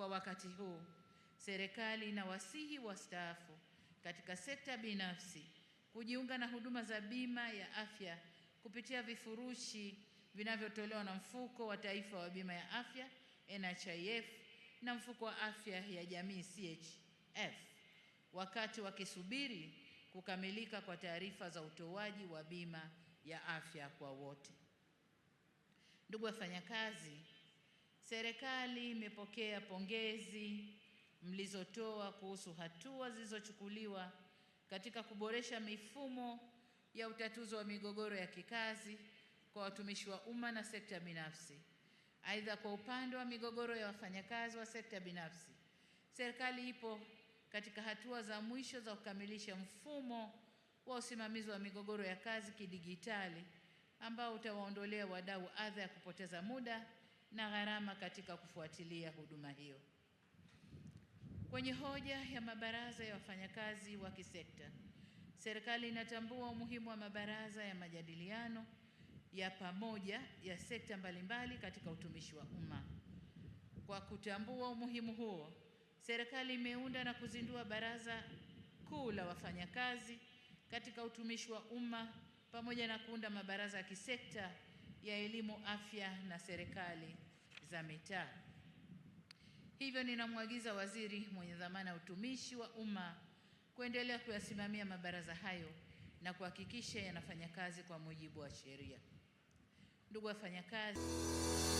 Kwa wakati huu serikali inawasihi wastaafu katika sekta binafsi kujiunga na huduma za bima ya afya kupitia vifurushi vinavyotolewa na Mfuko wa Taifa wa Bima ya Afya NHIF na Mfuko wa Afya ya Jamii CHF wakati wakisubiri kukamilika kwa taarifa za utoaji wa bima ya afya kwa wote. Ndugu wafanyakazi Serikali imepokea pongezi mlizotoa kuhusu hatua zilizochukuliwa katika kuboresha mifumo ya utatuzi wa migogoro ya kikazi kwa watumishi wa umma na sekta binafsi. Aidha, kwa upande wa migogoro ya wafanyakazi wa sekta binafsi, serikali ipo katika hatua za mwisho za kukamilisha mfumo wa usimamizi wa migogoro ya kazi kidigitali ambao utawaondolea wadau adha ya kupoteza muda na gharama katika kufuatilia huduma hiyo. Kwenye hoja ya mabaraza ya wafanyakazi wa kisekta, serikali inatambua umuhimu wa mabaraza ya majadiliano ya pamoja ya sekta mbalimbali katika utumishi wa umma. Kwa kutambua umuhimu huo, serikali imeunda na kuzindua Baraza Kuu la Wafanyakazi katika Utumishi wa Umma pamoja na kuunda mabaraza ya kisekta ya elimu, afya na serikali za mitaa. Hivyo ninamwagiza waziri mwenye dhamana ya utumishi wa umma kuendelea kuyasimamia mabaraza hayo na kuhakikisha yanafanya kazi kwa mujibu wa sheria. Ndugu wafanyakazi